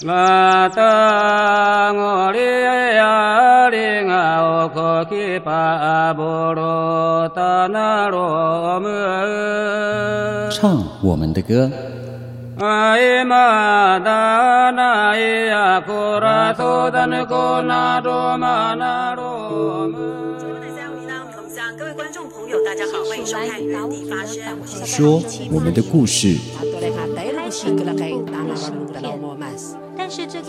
唱我們的歌，說我們的故事。是這個是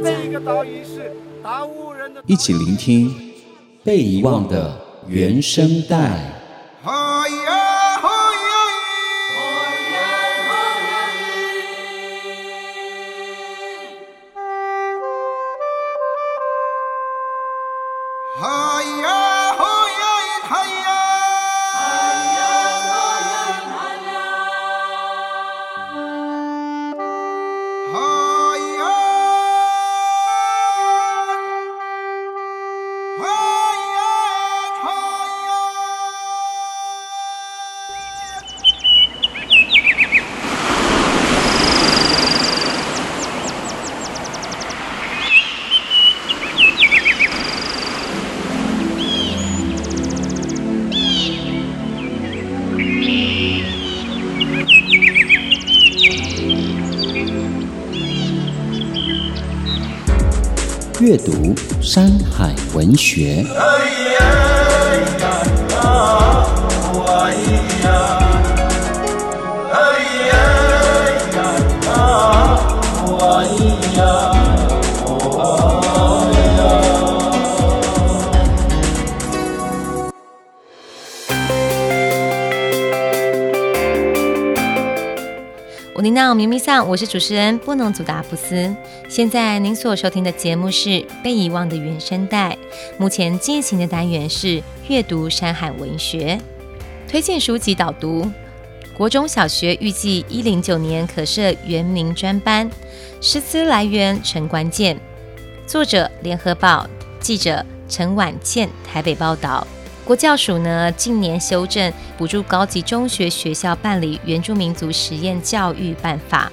的，一起聆聽被遺忘的原聲代。文學。我尼娜明咪桑，我是主持人布農族的阿布斯。現在您所收聽的節目是《被遺忘的原聲代》，目前進行的單元是樂讀山海文學推薦書籍導讀。國中小學預計一零九年可設原民專班，師資來源成關鍵。作者：聯合報記者陳宛茜，台北報導。國教署呢，近年修正補助高級中學學校辦理原住民族實驗教育辦法。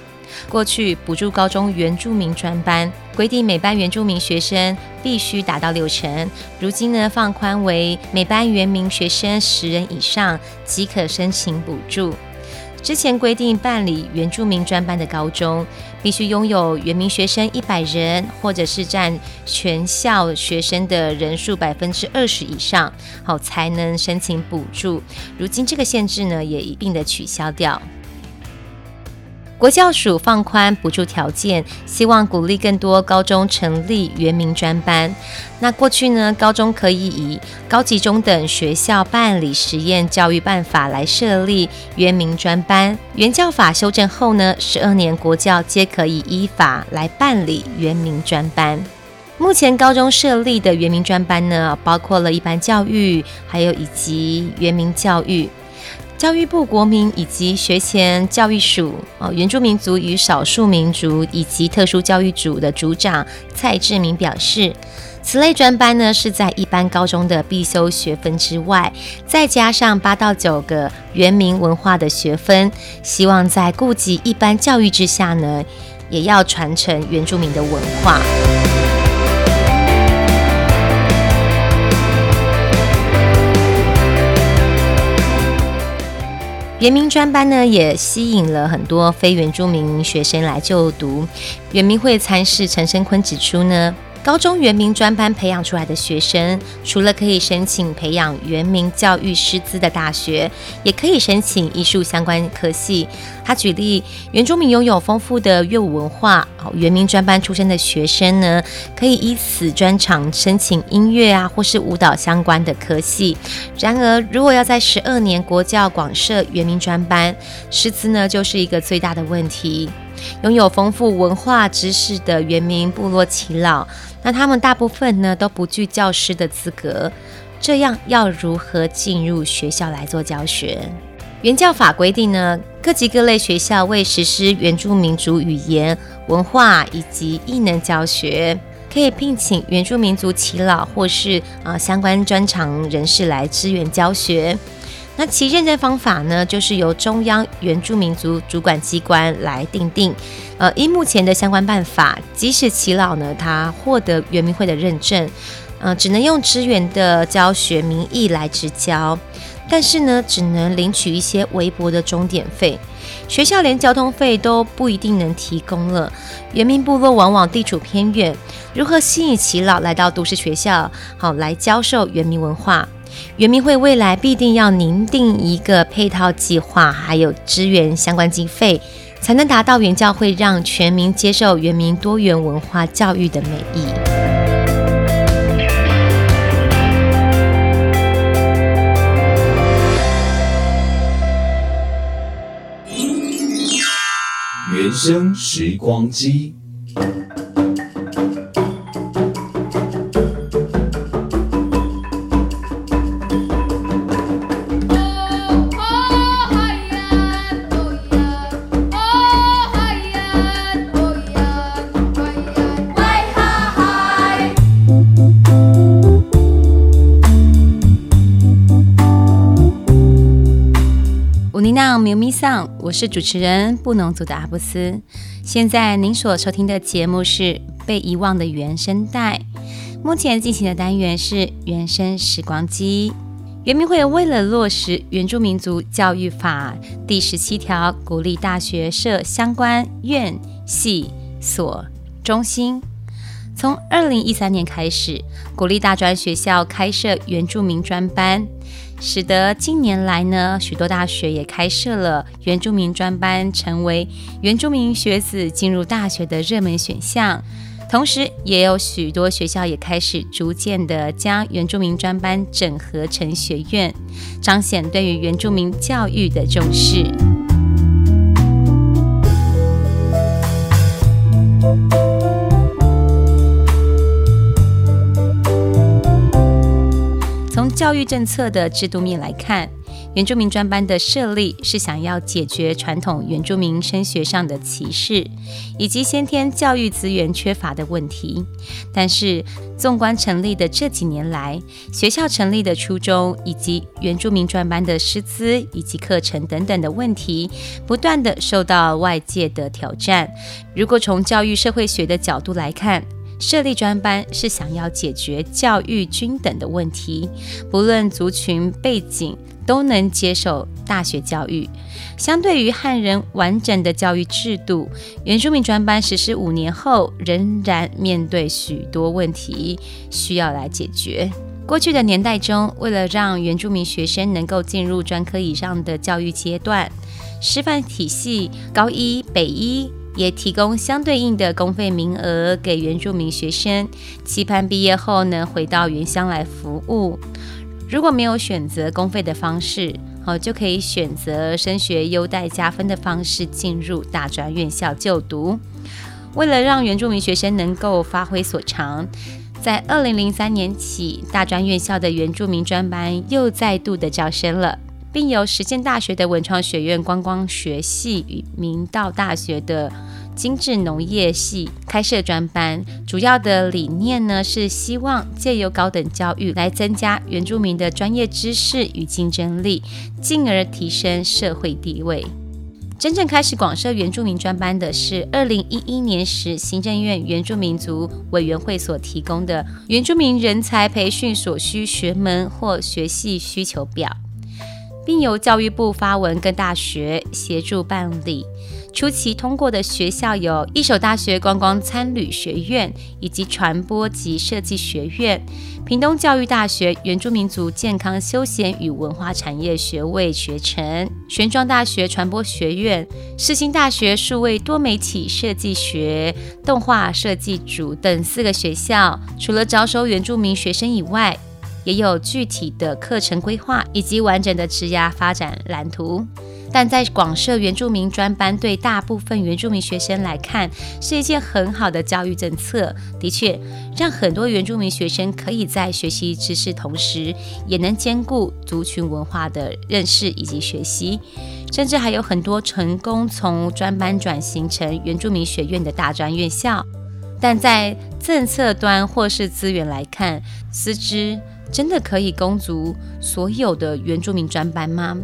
過去補助高中原住民專班，規定每班原住民學生必須達到六成，如今呢，放寬為每班原民學生十人以上即可申請補助。之前規定辦理原住民專班的高中，必須擁有原民學生一百人，或者是占全校學生的人數百分之二十以上，好才能申請補助。如今這個限制呢，也一併的取消掉。國教署放寬補助條件，希望鼓勵更多高中成立原民專班。那過去呢，高中可以以高級中等學校辦理實驗教育辦法來設立原民專班。原教法修正後呢，十二年國教皆可以依法來辦理原民專班。目前高中設立的原民專班呢，包括了一般教育，還有以及原民教育。教育部國民以及學前教育署、哦原住民族與少數民族以及特殊教育組的組長蔡志明表示，此類專班呢，是在一般高中的必修學分之外，再加上八到九個原民文化的學分，希望在顧及一般教育之下呢，也要傳承原住民的文化。原民專班呢，也吸引了很多非原住民學生來就讀。原民會參事陳生坤指出呢。高中原民專班培養出來的學生，除了可以申請培養原民教育師資的大學，也可以申請藝術相關科系。他舉例，原住民擁有豐富的樂舞文化，哦，原民專班出身的學生呢，可以依此專長申請音樂啊或是舞蹈相關的科系。然而，如果要在十二年國教廣設原民專班師資呢，就是一個最大的問題。擁有豐富文化知識的原民部落耆老。那他們大部分呢都不具教師的資格，這樣要如何進入學校來做教學？原教法規定呢，各級各類學校為實施原住民族語言、文化以及藝能教學，可以聘請原住民族耆老或是啊、呃、相關專長人士來支援教學。那其認證方法呢，就是由中央原住民族主管機關來訂定。呃，依目前的相關辦法，即使耆老呢他獲得原民會的認證，呃，只能用支援的教學名義來支教。但是呢，只能領取一些微薄的鐘點費，學校連交通費都不一定能提供了。原民部落往往地處偏遠，如何吸引耆老來到都市學校，好來教授原民文化？原民會未來必定要擬定一個配套計劃，還有支援相關經費，才能達到原教會讓全民接受原民多元文化教育的美意。原聲時光機。上，我是主持人布農族的阿布斯。現在您所收聽的節目是《被遺忘的原聲代》，目前進行的單元是《原聲時光機》。原民會為了落實《原住民族教育法》第十七條，鼓勵大學設相關院系所中心。從二零一三年開始，鼓勵大專學校開設原住民專班。使得近年來呢，許多大學也開設了原住民專班，成為原住民學子進入大學的熱門選項。同時也有許多學校也開始逐漸地將原住民專班整合成學院，彰顯對於原住民教育的重視。教育政策的制度面來看，原住民專班的設立是想要解決傳統原住民升學上的歧視，以及先天教育資源缺乏的問題。但是，縱觀成立的這幾年來，學校成立的初衷，以及原住民專班的師資以及課程等等的問題，不斷地受到外界的挑戰。如果從教育社會學的角度來看，設立專班是想要解決教育均等的問題，不論族群背景都能接受大學教育。相對於漢人完整的教育制度，原住民專班實施五年後，仍然面對許多問題需要來解決。過去的年代中，為了讓原住民學生能夠進入專科以上的教育階段，師範體系高一、北一。也提供相對應的公費名額給原住民學生，期盼畢業後能回到原鄉來服務。如果沒有選擇公費的方式，好、哦、就可以選擇升學優待加分的方式進入大專院校就讀。為了讓原住民學生能夠發揮所長，在二零零三年起，大專院校的原住民專班又再度的招生了。並由實踐大學的文創學院觀光學系與明道大學的精致農業系開設專班，主要的理念呢，是希望借由高等教育來增加原住民的專業知識與競爭力，進而提升社會地位。真正開始廣設原住民專班的是二零一一年時，行政院原住民族委員會所提供的原住民人才培訓所需學門或學系需求表。並由教育部發文跟大學協助辦理，初期通過的學校有：義守大學觀光餐旅學院以及傳播及設計學院、屏東教育大學原住民族健康休閒與文化產業學位學程、玄奘大學傳播學院、世新大學數位多媒體設計學動畫設計組等四個學校。除了招收原住民學生以外，也有具體的課程規劃以及完整的職涯發展藍圖，但在廣設原住民專班，對大部分原住民學生來看，是一件很好的教育政策。的確，讓很多原住民學生可以在學習知識同時，也能兼顧族群文化的認識以及學習，甚至還有很多成功從專班轉型成原住民學院的大專院校。但在政策端或是資源來看，師資。真的可以供足所有的原住民專班嗎？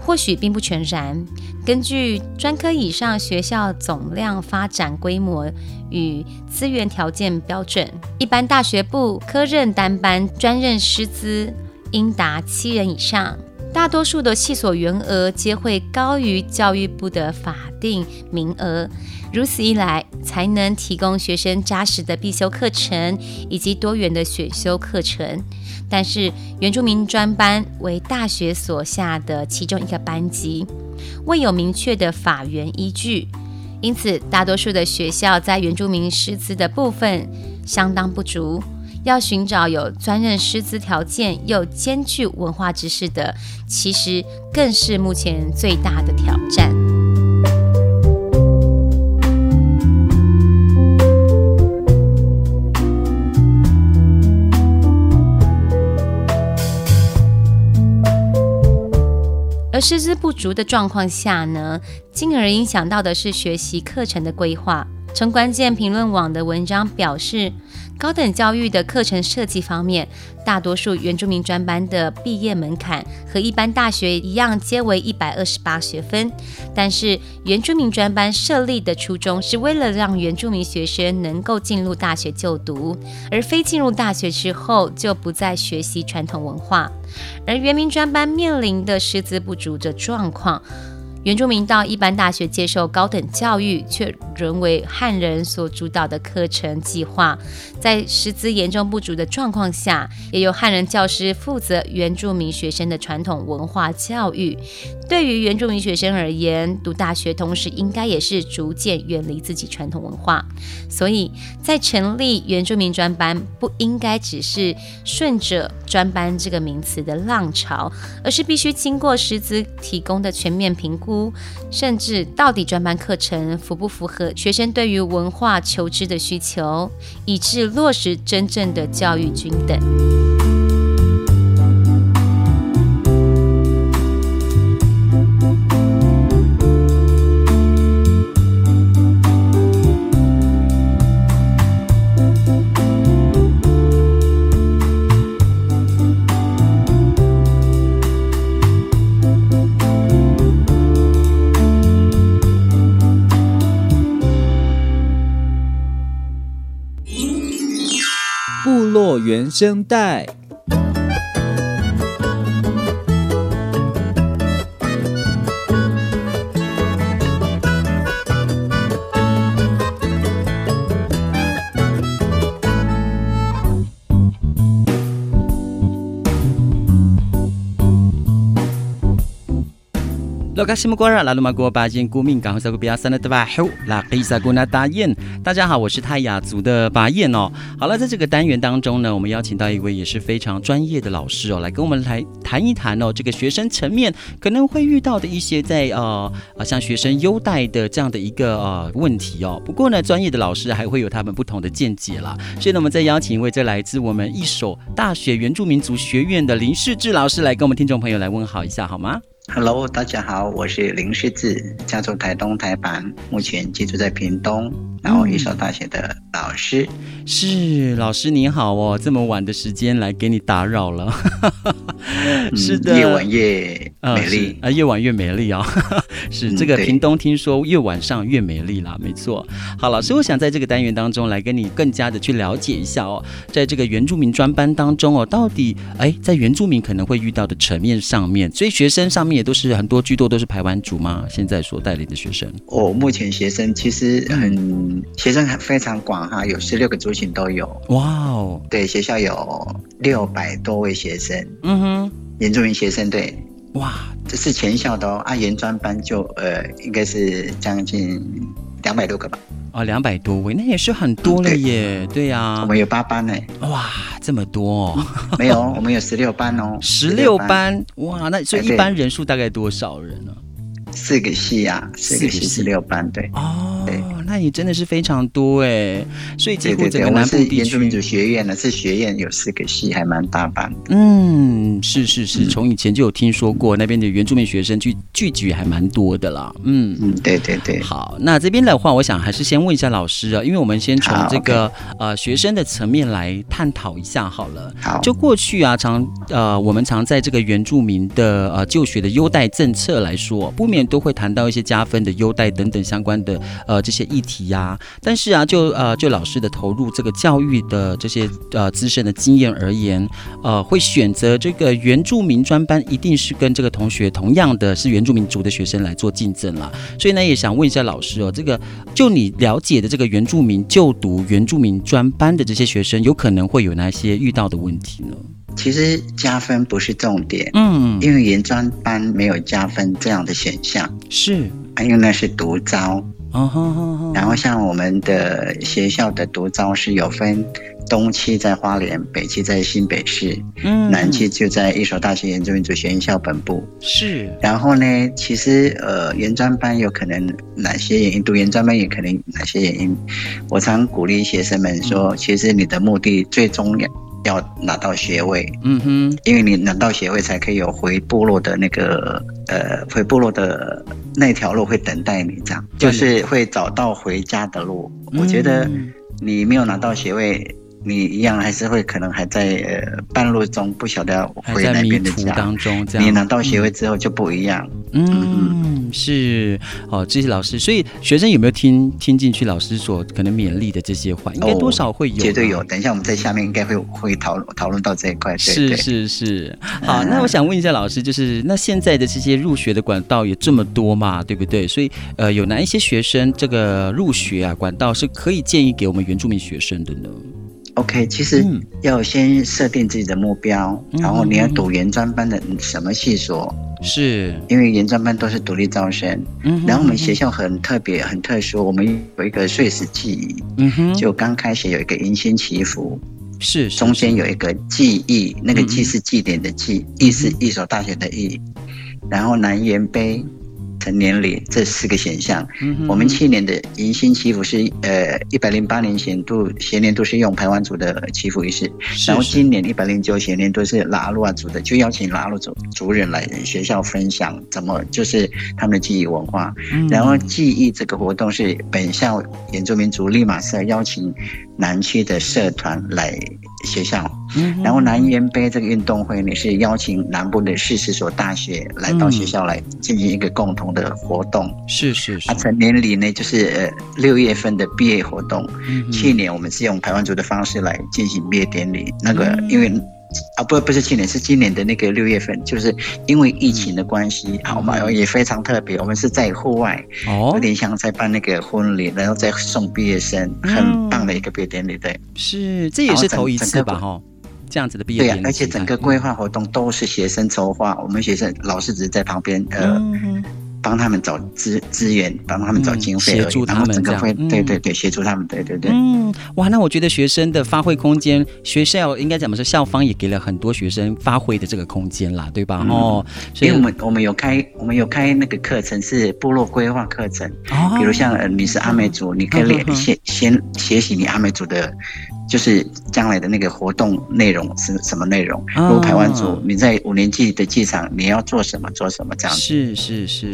或許並不全然。根據專科以上學校總量發展規模與資源條件標準，一般大學部科任單班專任師資應達七人以上。大多數的系所員額皆會高於教育部的法定名額，如此一來，才能提供學生扎實的必修課程以及多元的選修課程。但是原住民專班為大學所下的其中一個班級，未有明確的法源依據，因此大多數的學校在原住民師資的部分相當不足，要尋找有專任師資條件又兼具文化知識的，其實更是目前最大的挑戰。而師資不足的狀況下呢，進而影響到的是學習課程的規劃。從關鍵評論網的文章表示。高等教育的課程設計方面，大多數原住民專班的畢業門檻和一般大學一樣，皆為一百二十八學分。但是，原住民專班設立的初衷是為了讓原住民學生能夠進入大學就讀，而非進入大學之後就不再學習傳統文化。而原民專班面臨的師資不足的狀況。原住民到一般大學接受高等教育，卻淪為漢人所主導的課程計劃。在師資嚴重不足的狀況下，也由漢人教師負責原住民學生的傳統文化教育。對於原住民學生而言，讀大學同時應該也是逐漸遠離自己傳統文化，所以在成立原住民專班，不應該只是順着專班這個名詞的浪潮，而是必須經過師資提供的全面評估，甚至到底專班課程符不符合學生對於文化求知的需求，以致落實真正的教育均等。部落原聲代。的大家好，我是泰雅族的巴彥。哦，好了，在這個單元當中呢，我們邀請到一位也是非常專業的老師哦，來跟我們來談一談哦，這個學生層面可能會遇到的一些在呃啊像學生優待的這樣的一個呃問題哦。不過呢，專業的老師還會有他們不同的見解啦。所以呢，我們再邀請一位，這來自我們義守大學原住民族學院的林世治老師來跟我們聽眾朋友來問好一下，好嗎？Hello，大家好，我是林世治，家住台東台坂，目前居住在屏東。然後，一所大學的老師、嗯、是老師，你好哦，這麼晚的時間來給你打擾了， 是的，越、嗯、晚越美麗啊，越、哦呃、晚越美麗啊、哦， 是、嗯、這個屏東聽說越晚上越美麗啦，沒錯。好，老師，我想在這個單元當中來跟你更加的去了解一下哦，在這個原住民專班當中哦，到底哎，在原住民可能會遇到的層面上面，所以學生上面也都是很多，居多都是排灣族嗎？現在所帶領的學生哦，目前學生其實很、嗯。學生非常廣哈，有十六個族群都有。哇哦，對，學校有六百多位學生，嗯哼，原住民學生對。哇，這是全校的哦，阿原專班就呃，應該是將近兩百多個吧。啊，兩百多位，那也是很多了耶。對呀，我們有八班呢。哇，這麼多，沒有，我們有十六班哦。十六班，哇，那所以一班人數大概多少人呢？四個系啊，四個系十六班，對。哦。對。那也真的是非常多哎、欸，所以結果整個南部地區民族學院呢，這學院有四個系，還蠻大班。嗯，是是是，從以前就有聽說過那邊的原住民學生去聚集還蠻多的啦。嗯嗯，對對對。好，那這邊的話，我想還是先問一下老師啊，因為我們先從這個呃學生的層面來探討一下好了。好，就過去啊常呃我們常在這個原住民的呃就學的優待政策來說，不免都會談到一些加分的優待等等相關的呃這些意議題呀、啊，但是啊，就呃，就老師的投入這個教育的這些呃資深的經驗而言，呃，會選擇這個原住民專班，一定是跟這個同學同樣的是原住民族的學生來做競爭了。所以呢，也想問一下老師哦，這個就你了解的這個原住民就讀原住民專班的這些學生，有可能會有哪些遇到的問題呢？其實加分不是重點，嗯，因為原專班沒有加分這樣的選項，是還有呢，那是獨招。Oh, oh, oh, oh. 然後像我們的學校的獨招是有分東區在花蓮，北區在新北市，南區就在義守大學原住民族學院校本部是。然後呢，其實呃，原專班有可能哪些原因讀原專班也可能哪些原因，我常鼓勵學生們說，其實你的目的最重要。要拿到學位，嗯哼，因為你拿到學位才可以有回部落的那個，呃，回部落的那條路會等待你，這樣對就是會找到回家的路。嗯、我覺得你沒有拿到學位。你一樣還是會可能還在呃，半路中，不曉得還在迷途當中這樣，你拿到學位之後就不一樣。嗯，嗯哼是哦，這些老師，所以學生有沒有聽聽進去老師所可能勉勵的這些話？哦、應該多少會有，絕對有。等一下我們在下面應該會會討論討論到這一塊。對對是是是，好，嗯、那我想問一下老師，就是那現在的這些入學的管道有這麼多嘛？對不對？所以呃，有哪一些學生這個入學啊管道是可以建議給我們原住民學生的呢？OK，其實要先設定自己的目標，嗯、然後你要讀原專班的什麼系所？是，因為原專班都是獨立招生，嗯哼嗯哼然後我們學校很特別、很特殊，我們有一個歲時祭儀，嗯、哼就剛開始有一個迎新祈福，是，是，是，中間有一個祭儀，嗯、哼那個祭是祭典的祭，儀是，嗯、哼義守大學的儀。然後南延碑。成年禮這四個選項，嗯嗯，我們去年的迎新祈福是呃一百零八年學年度學年都是用排灣族的祈福儀式，是是，然後今年一百零九年年都是拉魯阿族的，就邀請拉魯族族人來學校分享怎麼就是他們的記憶文化，嗯、哼然後記憶這個活動是本校原住民族立馬社邀請南區的社團來學校。然後南延盃這個運動會呢，是邀請南部的四十所大學來到學校來進行一個共同的活動。是，是是。啊，成年禮呢，就是呃六月份的畢業活動。嗯嗯，去年我們是用排灣族的方式來進行畢業典禮。那個因為，嗯、啊不不是去年，是今年的那個六月份，就是因為疫情的關係，好嘛，嗯嗯，啊、也非常特別。我們是在戶外，哦，有點像在辦那個婚禮，然後再送畢業生，哦，很棒的一個畢業典禮，對。是，這也是頭一次吧，哈。這樣子的畢業對呀，而且整個規劃活動都是學生籌劃，我們學生老師只是在旁邊呃，幫他們找資資源，幫他們找經費，協助他們整個會，對對對，協助他們，對對對，嗯，哇，那我覺得學生的發揮空間，學校應該怎麼說？校方也給了很多學生發揮的這個空間啦，對吧？哦，因為我們我們有開我們有開那個課程是部落規劃課程，哦，比如像呃你是阿美族，你可以先先學習你阿美族的。就是將來的那個活動內容是什麼內容？如果排灣族，你在五年級的劇場，你要做什麼？做什麼？這樣子。是是是。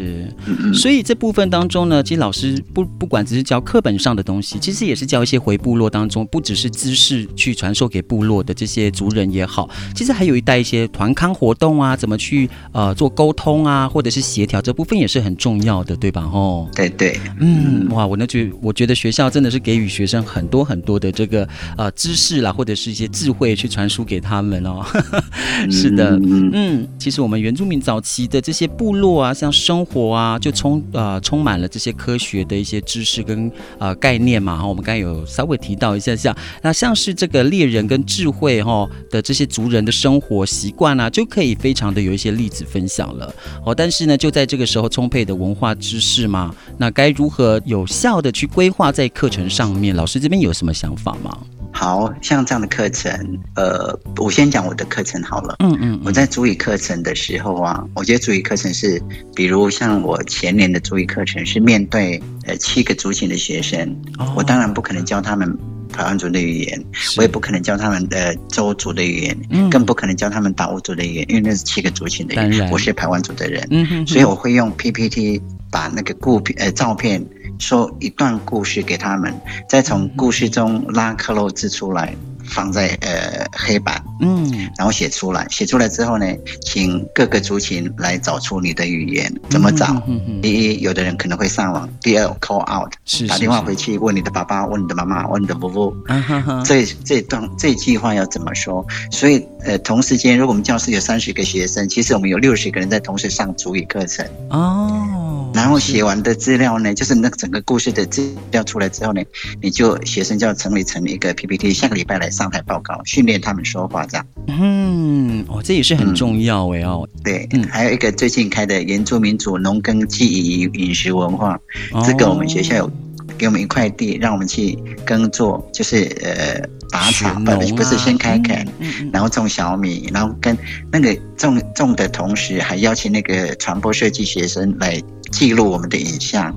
嗯嗯。所以這部分當中呢，其實老師不不管只是教課本上的東西，其實也是教一些回部落當中，不只是知識去傳授給部落的這些族人也好，其實還有一帶一些團康活動啊，怎麼去呃做溝通啊，或者是協調，這部分也是很重要的，對吧？哦，對對，嗯，哇，我那句我覺得學校真的是給予學生很多很多的這個。呃啊、呃，知識啦，或者是一些智慧去傳輸給他們哦，呵呵。是的，嗯，其實我們原住民早期的這些部落啊，像生活啊，就充呃充滿了這些科學的一些知識跟啊、呃、概念嘛。哈、哦，我們剛剛有稍微提到一下下，像那像是這個獵人跟智慧哈、哦、的這些族人的生活習慣啊，就可以非常的有一些例子分享了。哦，但是呢，就在這個時候，充沛的文化知識嘛，那該如何有效的去規劃在課程上面？老師這邊有什麼想法嗎？好像這樣的課程，呃，我先講我的課程好了。嗯嗯，嗯，我在族語課程的時候啊，我覺得族語課程是，比如像我前年的族語課程是面對呃七個族群的學生，哦、我當然不可能教他們排灣族的語言，是我也不可能教他們呃鄒族的語言，嗯、更不可能教他們達悟族的語言，因為那是七個族群的人，然我是排灣族的人，嗯、哼哼所以我會用 PPT。把那個故片呃照片說一段故事給他們，再從故事中拉克漏字出來，放在呃黑板，嗯，然後寫出來。寫出來之後呢，請各個族群來找出你的語言怎麼找？嗯、哼哼哼第一，有的人可能會上網，第二，call out，是是是是打電話回去問你的爸爸、問你的媽媽、問你的姑姑、啊，這段這段這句話要怎麼說？所以，呃，同時間，如果我們教室有三十個學生，其實我們有六十個人在同時上母語課程。哦。然後寫完的資料呢，就是那整個故事的資料出來之後呢，你就學生就要整理成一個 PPT，下個禮拜來上台報告，訓練他們說話這樣。嗯，哦，這也是很重要哎、欸、哦，對，嗯、還有一個最近開的原住民族農耕技藝飲食文化，哦、這個我們學校有給我們一塊地，讓我們去耕作，就是呃打草、啊、不，不是不是先開墾，嗯、然後種小米，嗯、然後跟那個種種的同時，還邀請那個傳播設計學生來。記錄我們的影像，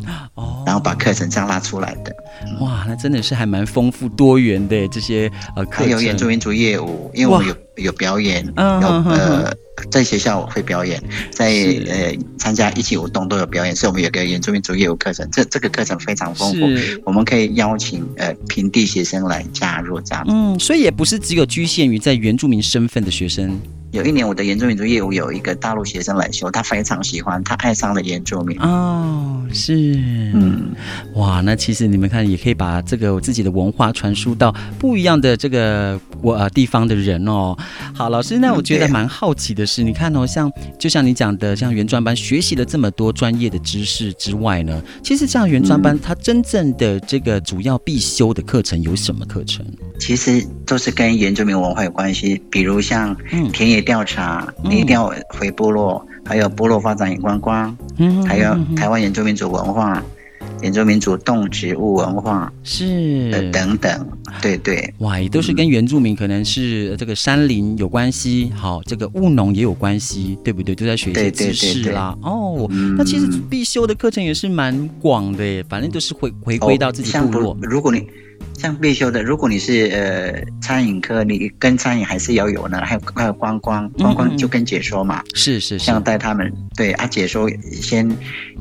然後把課程這樣拉出來的。哦、哇，那真的是還蠻豐富多元的這些呃課程，還有演出民族樂舞，因為我們有哇有表演，有呃。啊啊啊在學校我會表演，在是呃參加一起舞動都有表演，所以我們有個原住民族業務課程，這這個課程非常豐富，是我們可以邀請呃平地學生來加入這樣，嗯，所以也不是只有局限於在原住民身份的學生，嗯。有一年我的原住民族業務有一個大陸學生來修，他非常喜歡，他愛上了原住民哦，是，嗯，哇，那其實你們看也可以把這個我自己的文化傳輸到不一樣的這個我、呃、地方的人哦。好，老師，那我覺得蠻好奇的。嗯是，你看哦，像就像你講的，像原專班學習了這麼多專業的知識之外呢，其實像原專班，嗯、它真正的這個主要必修的課程有什麼課程？其實都是跟原住民文化有關係，比如像田野調查，嗯、你一定要回部落，還有部落發展觀光，嗯、還有台灣原住民族文化。.原住民族動植物，物文化是等等，是對對，哇，也都是跟原住民可能是這個山林有關係，嗯、好，這個務農也有關係，對不對？都在學一些知識啦。對對對對哦，嗯、那其實必修的課程也是蠻廣的，反正都是回回歸到自己部落。哦、如果你。像必修的，如果你是呃餐飲科，你跟餐飲還是要有呢，還有還有觀光，觀光，光就跟解說嘛，嗯嗯是，是是，像帶他們對阿解、啊、說，先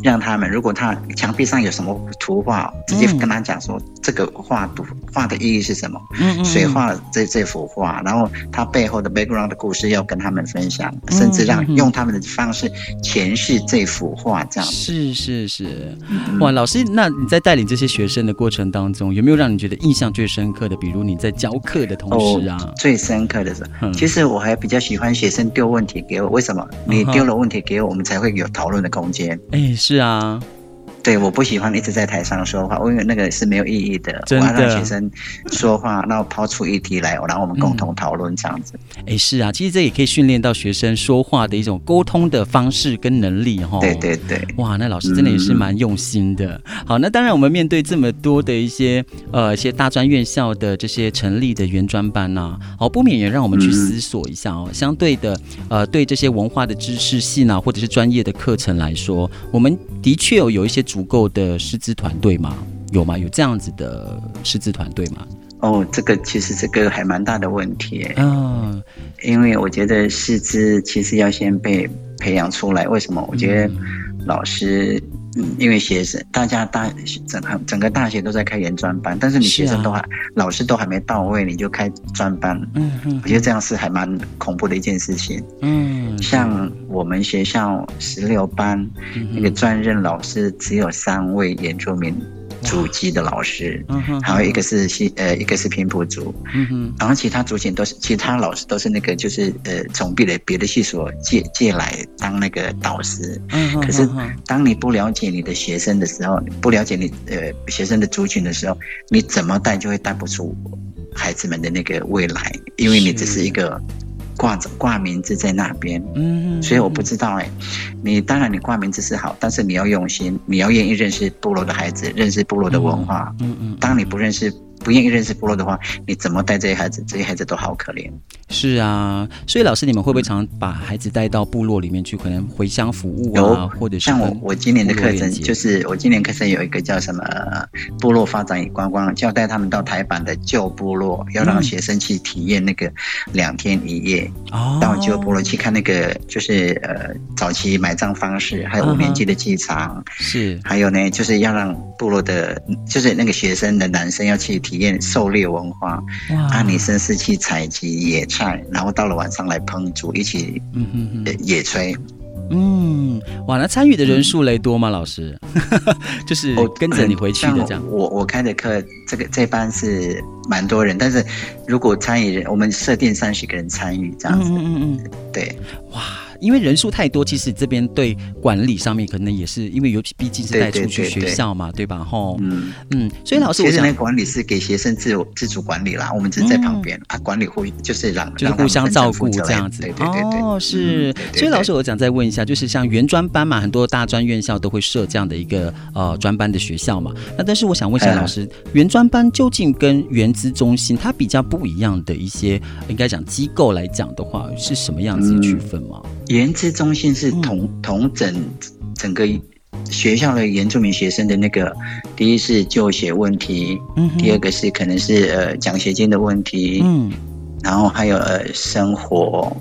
讓他們如果他牆壁上有什麼圖畫，直接跟他講說這個畫圖畫的意義是什麼，誰畫嗯嗯嗯這這幅畫，然後他背後的 background 的故事要跟他們分享，甚至讓用他們的方式詮釋這幅畫，這樣嗯嗯嗯是是是，嗯、哇，老師，那你在帶領這些學生的過程當中，有沒有讓你覺？印象最深刻的，比如你在教課的同時啊，哦，最深刻的是，嗯，其實我還比較喜歡學生丟問題給我。為什麼？你丟了問題給我，我們才會有討論的空間。哦。哎，是啊。對，我不喜歡一直在台上說話，因為那個是沒有意義的。的我要讓學生說話，然後 拋出議題來，然後我們共同討論這樣子。哎、嗯，是啊，其實這也可以訓練到學生說話的一種溝通的方式跟能力哈、哦。對對對，哇，那老師真的也是蠻用心的。嗯、好，那當然我們面對這麼多的一些呃一些大專院校的這些成立的原專班吶、啊，哦，不免也讓我們去思索一下哦。嗯、相對的，呃，對這些文化的知識性啊，或者是專業的課程來說，我們的確有、哦、有一些。不夠的師資團隊嗎？有嗎？有這樣子的師資團隊嗎？哦，這個其實這個還蠻大的問題、欸。嗯、啊，因為我覺得師資其實要先被培養出來。為什麼？我覺得老師。嗯、因為學生，大家大整整個大學都在開原專班，但是你學生都還，啊、老師都還沒到位，你就開專班，嗯，我覺得這樣是還蠻恐怖的一件事情。嗯，像我們學校十六班，嗯、哼那個專任老師只有三位研究生。嗯祖籍的老師，還有、嗯、一個是呃，一個是平埔族，嗯，哼然後其他族群都是其他老師都是那個，就是呃，從別的別的系所借借來當那個導師，嗯哼哼，可是當你不了解你的學生的時候，不了解你呃學生的族群的時候，你怎麼帶就會帶不出孩子們的那個未來，因為你只是一個。掛着掛名字在那邊，嗯，嗯，嗯，所以我不知道哎、欸，你當然你掛名字是好，但是你要用心，你要願意認識部落的孩子，認識部落的文化，嗯嗯嗯嗯，當你不認識。不願意認識部落的話，你怎麼帶這些孩子？這些孩子都好可憐。是啊，所以老師你們會不會常把孩子帶到部落裡面去？可能回鄉服務啊，有或者是像我，我今年的課程就是我今年課程有一個叫什麼部落發展與觀光，光，就要帶他們到台版的舊部落，要讓學生去體驗那個兩天一夜，哦、嗯。到舊部落去看那個就是呃早期埋葬方式，還有古民居的機場、啊。是，還有呢，就是要讓部落的，就是那個學生的男生要去體。狩獵文化，哇！讓、啊、你甚至去採集野菜，然後，到了晚上來烹煮，一起嗯嗯嗯、呃、野炊，嗯，哇！那參與的人數雷多嗎？嗯、老師， 就是我跟着你回去的這樣。哦嗯、我我開的課，這個這一班是蠻多人，但是如果參與人，我們設定三十個人參與這樣子，嗯嗯，嗯嗯，對，哇。因為人數太多，其實這邊對管理上面可能也是因為，尤其畢竟是帶出去學校嘛，對，對，對，對，對吧？吼、嗯，嗯嗯，所以老師，我想、嗯、那管理是給學生自由自主管理啦，我們只是在旁邊、嗯、啊，管理會就是讓就是互相照顧這樣子。哦是。所以老師，我想再問一下，就是像原專班嘛，很多大專院校都會設這樣的一個呃專班的學校嘛。那但是我想問一下老師，哎、呀原專班究竟跟原資中心它比較不一樣的一些應該講機構來講的話，是什麼樣子的區分嗎？嗯原資中心是同同整整個學校的原住民學生的那個，第一是就學問題，第二個是可能是呃獎學金的問題，嗯，然後還有呃生活，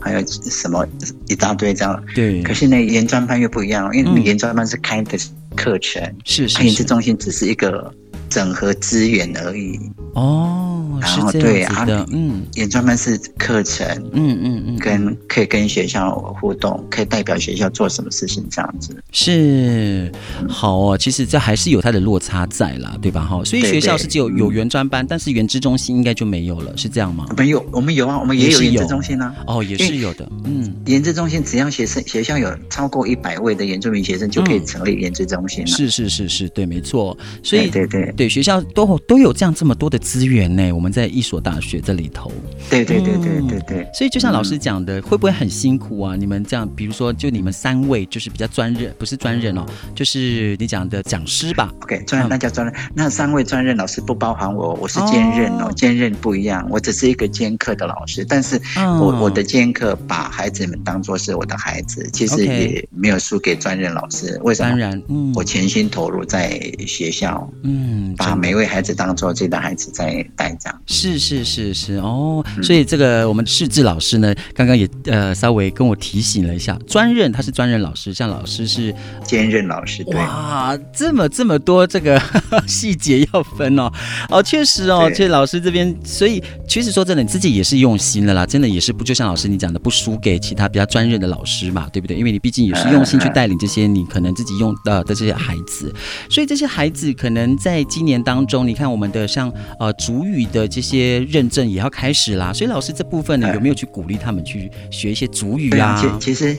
還有什麼一大堆這樣，對。可是那原專班又不一樣，因為原專班是開的課程，是是、嗯啊、原資中心只是一個。整合資源而已哦，然後對的啊嗯演嗯，嗯，原專班是課程，嗯嗯嗯，跟可以跟學校互動，可以代表學校做什麼事情這樣子是好哦、啊。其實這還是有它的落差在啦，對吧哈？所以學校是只有有原專班，但是原資中心應該就沒有了，是這樣嗎？沒有，我們有啊，我們也有原資中心呢、啊。哦，也是有的，嗯，原資中心只要學生學校有超過一百位的原專班學生就可以成立原資中心了、啊嗯。是是是是，對，沒錯。所以對，對對。對學校都都有這樣這麼多的資源呢，我們在一所大學這裡頭。對對對對對對、嗯，所以就像老師講的，會不會很辛苦啊？嗯、你們這樣，比如說，就你們三位就是比較專任，不是專任哦，就是你講的講師吧？OK，專任那叫專任，嗯、那三位專任老師不包含我，我是兼任哦，哦兼任不一樣，我只是一個兼課的老師，但是我、哦、我的兼課把孩子們當做是我的孩子，其實也沒有輸給專任老師，為什麼？當然，嗯、我全心投入在學校，嗯。把每位孩子當做自己的孩子在帶教，是是是是哦，所以這個我們世治老師呢，剛剛也呃稍微跟我提醒了一下，專任他是專任老師，像老師是兼任老師，對哇，這麼這麼多這個細節要分哦，哦確實哦，這老師這邊，所以其實說真的，你自己也是用心了啦，真的也是不就像老師你講的，不輸給其他比較專任的老師嘛，對不對？因為你畢竟也是用心去帶領這些你可能自己用的，的這些孩子，所以這些孩子可能在。一年當中，你看我們的像呃，族語的這些認證也要開始啦，所以老師這部分呢，有沒有去鼓勵他們去學一些族語啊？其、嗯啊、其實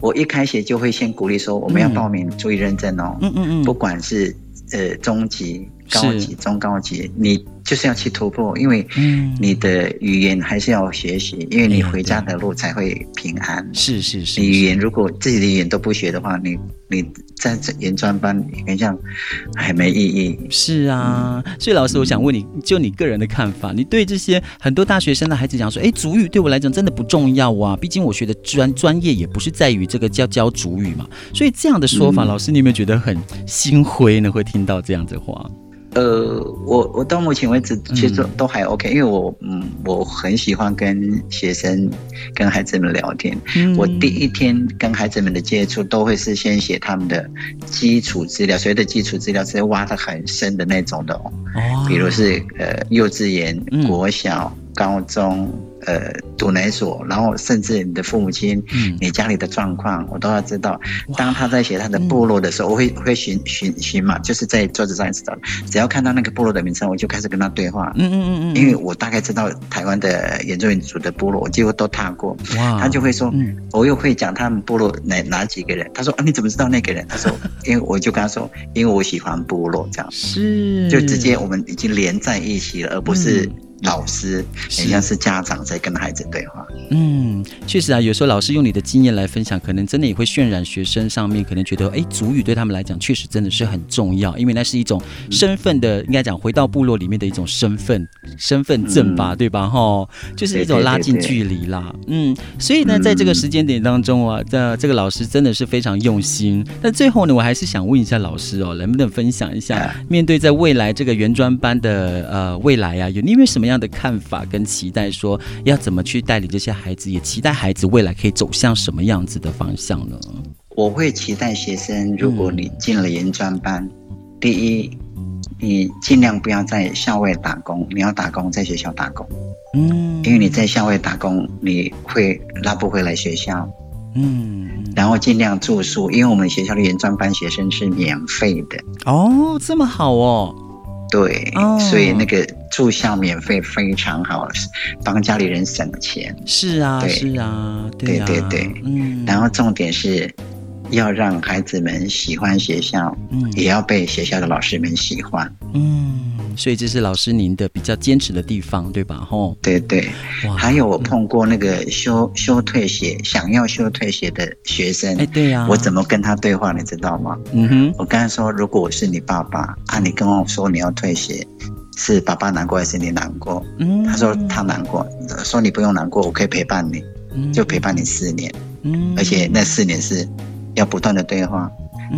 我一開始就會先鼓勵說，我們要報名族語認證哦、喔，嗯嗯嗯，不管是呃中級、高級、是中高級，你。就是要去突破，因為你的語言還是要學習，嗯、因為你回家的路才會平安。是是是，你語言如果自己的語言都不學的話，你你在這原專班，好像還沒意義。是啊，所以老師，我想問你，嗯、就你個人的看法，你對這些很多大學生的孩子講說：“哎，族語對我來講真的不重要啊，畢竟我學的專專業也不是在於這個教教族語嘛。”所以這樣的說法，嗯、老師你有沒有覺得很心灰呢？會聽到這樣子話？呃，我我到目前為止，其實都還 OK，、嗯、因為我嗯我很喜歡跟學生、跟孩子們聊天。嗯、我第一天跟孩子們的接觸，都會是先寫他們的基礎資料，所有的基礎資料是挖得很深的那種的、喔、哦，比如是呃幼稚園、國小、嗯、高中。呃，堵奶索，然後甚至你的父母親，嗯、你家裡的狀況，我都要知道。哇當他在寫他的部落的時候，嗯、我會會尋尋尋嘛，就是在桌子上一直找的，只要看到那個部落的名稱，我就開始跟他對話。嗯嗯嗯嗯。嗯嗯因為我大概知道台灣的、呃、原住民族的部落，我幾乎都踏過。哇！他就會說，嗯、我又會講他們部落哪哪幾個人。他說啊，你怎麼知道那個人？他說，因為我就跟他說， 因為我喜歡部落這樣。是。就直接我們已經連在一起了，而不是、嗯。老師，實際上是家長在跟孩子對話。嗯，確實啊，有時候老師用你的經驗來分享，可能真的也會渲染學生上面，可能覺得哎，族、欸、語對他們來講確實真的是很重要，因為那是一種身份的，嗯、應該講回到部落裡面的一種身份身份證吧，嗯、對吧？哈，就是一種拉近距離啦。對對對對嗯，所以呢，在這個時間點當中啊，這、嗯啊、這個老師真的是非常用心。但最後呢，我還是想問一下老師哦，能不能分享一下，面對在未來這個原專班的呃未來啊，有因為什麼？什麼樣的看法跟期待，說要怎麼去帶領這些孩子，也期待孩子未來可以走向什麼樣子的方向呢？我會期待學生，如果你進了原專班，嗯、第一，你盡量不要在校外打工，你要打工在學校打工，嗯，因為你在校外打工，你會拉不回來學校，嗯，然後盡量住宿，因為我們學校的原專班學生是免費的哦，這麼好哦，對，哦、所以那個。住校免費非常好，幫家裡人省錢。是啊，對是啊，對，是啊，對，對，對，對，對。嗯。然後重點是要讓孩子們喜歡學校，嗯，也要被學校的老師們喜歡，嗯。所以這是老師您的比較堅持的地方，對吧？哦，對，對對。哇還有我碰過那個休休退學，想要休退學的學生，哎、欸，對呀、啊。我怎麼跟他對話，你知道嗎？嗯哼。我跟他說，如果我是你爸爸啊，你跟我說你要退學。是爸爸難過還是你難過？嗯，嗯，他說他難過，說你不用難過，我可以陪伴你，就陪伴你四年，嗯嗯，而且那四年是要不斷的對話。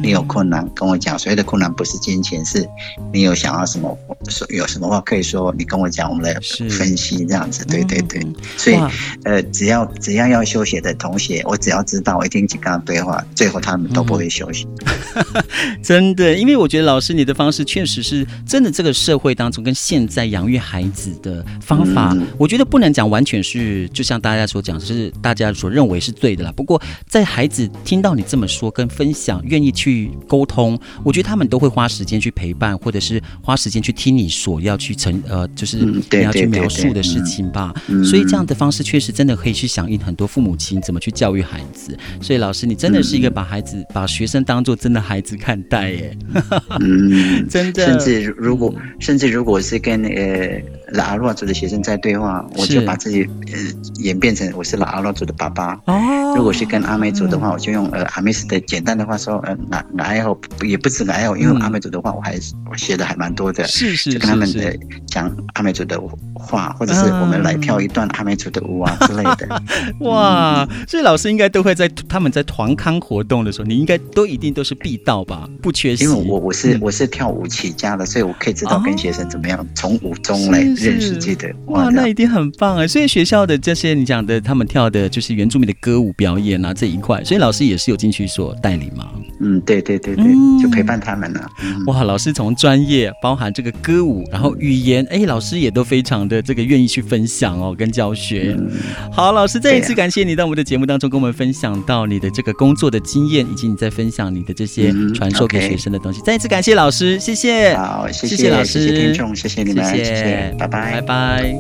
你有困難跟我講，所有的困難不是金錢，是你有想要什麼，說有什麼話可以說，你跟我講，我們來分析這樣子，是對對對。嗯、所以，哇呃，只要只要要休息的同學，我只要知道，我一定去跟他對話，最後他們都不會休息。嗯、 真的，因為我覺得老師你的方式確實是真的，這個社會當中跟現在養育孩子的方法，嗯、我覺得不能講完全是，就像大家所講是大家所認為是對的啦。不過，在孩子聽到你這麼說跟分享，願意去。去溝通，我覺得他們都會花時間去陪伴，或者是花時間去聽你所要去承呃，就是你要去描述的事情吧。所以這樣的方式確實真的可以去響應很多父母親怎麼去教育孩子。所以老師，你真的是一個把孩子、嗯、把學生當做真的孩子看待耶。 真的。甚至如果，甚至如果是跟呃……拉阿羅族的學生在對話，我就把自己是呃演變成我是拉阿羅族的爸爸。哦、如果是跟阿美族的話，我就用呃阿米斯的簡單的話說，呃拉拉哦也不止來，哦、嗯，因為阿美族的話，我還是學的還蠻多的。是是，是，是就跟他們的講、呃、阿美族的話，或者是我們來跳一段阿美族的舞啊之類的。 哇，所以、嗯、老師應該都會在他們在團康活動的時候，你應該都一定都是必到吧？不缺席。因為我我是我是跳舞起家的，嗯、所以我可以知道跟學生怎麼樣從、哦、舞中來。認識記得。哇，那一定很棒，所以學校的這些你講的，他們跳的就是原住民的歌舞表演啊，這一塊，所以老師也是有進去所帶領嘛？嗯，對對對對，嗯、就陪伴他們呢。哇，老師從專業包含這個歌舞，然後語言，哎、嗯，老師也都非常的這個願意去分享哦，跟教學。嗯、好，老師再一次感謝你到我們的節目當中，跟我們分享到你的這個工作的經驗，以及你在分享你的這些傳授給學生的東西。嗯 okay、再一次感謝老師，謝謝。好，謝謝，謝，謝老師謝謝，謝謝聽眾，謝謝你們，謝謝。謝謝 Bye bye 拜拜。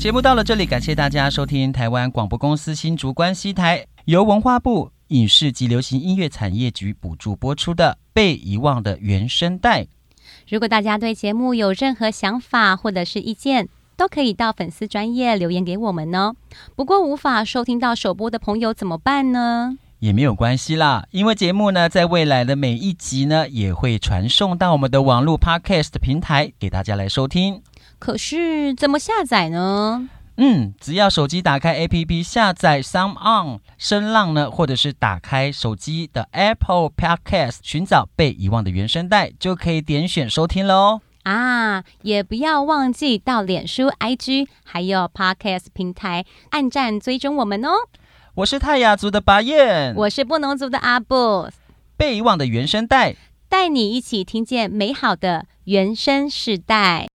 節目到了這裡，感謝大家收聽台灣廣播公司新竹關西台由文化部影視及流行音樂產業局補助播出的《被遺忘的原聲代》。如果大家對節目有任何想法或者是意見，都可以到粉絲專頁留言給我們呢、哦。不過無法收聽到首播的朋友怎麼辦呢？也沒有關係啦，因為節目呢在未來的每一集呢也會傳送到我們的網絡 Podcast 平台給大家來收聽。可是怎麼下載呢？嗯，只要手機打開 APP 下載 SoundOn 聲浪呢，或者是打開手機的 Apple Podcast，尋找被遺忘的原聲帶，就可以點選收聽了哦。啊，也不要忘記到臉書、IG，還有 Podcast 平台按讚追蹤我們哦。我是泰雅族的巴燕，我是布農族的阿布，被遺忘的原聲代，帶你一起聽見美好的原聲時代。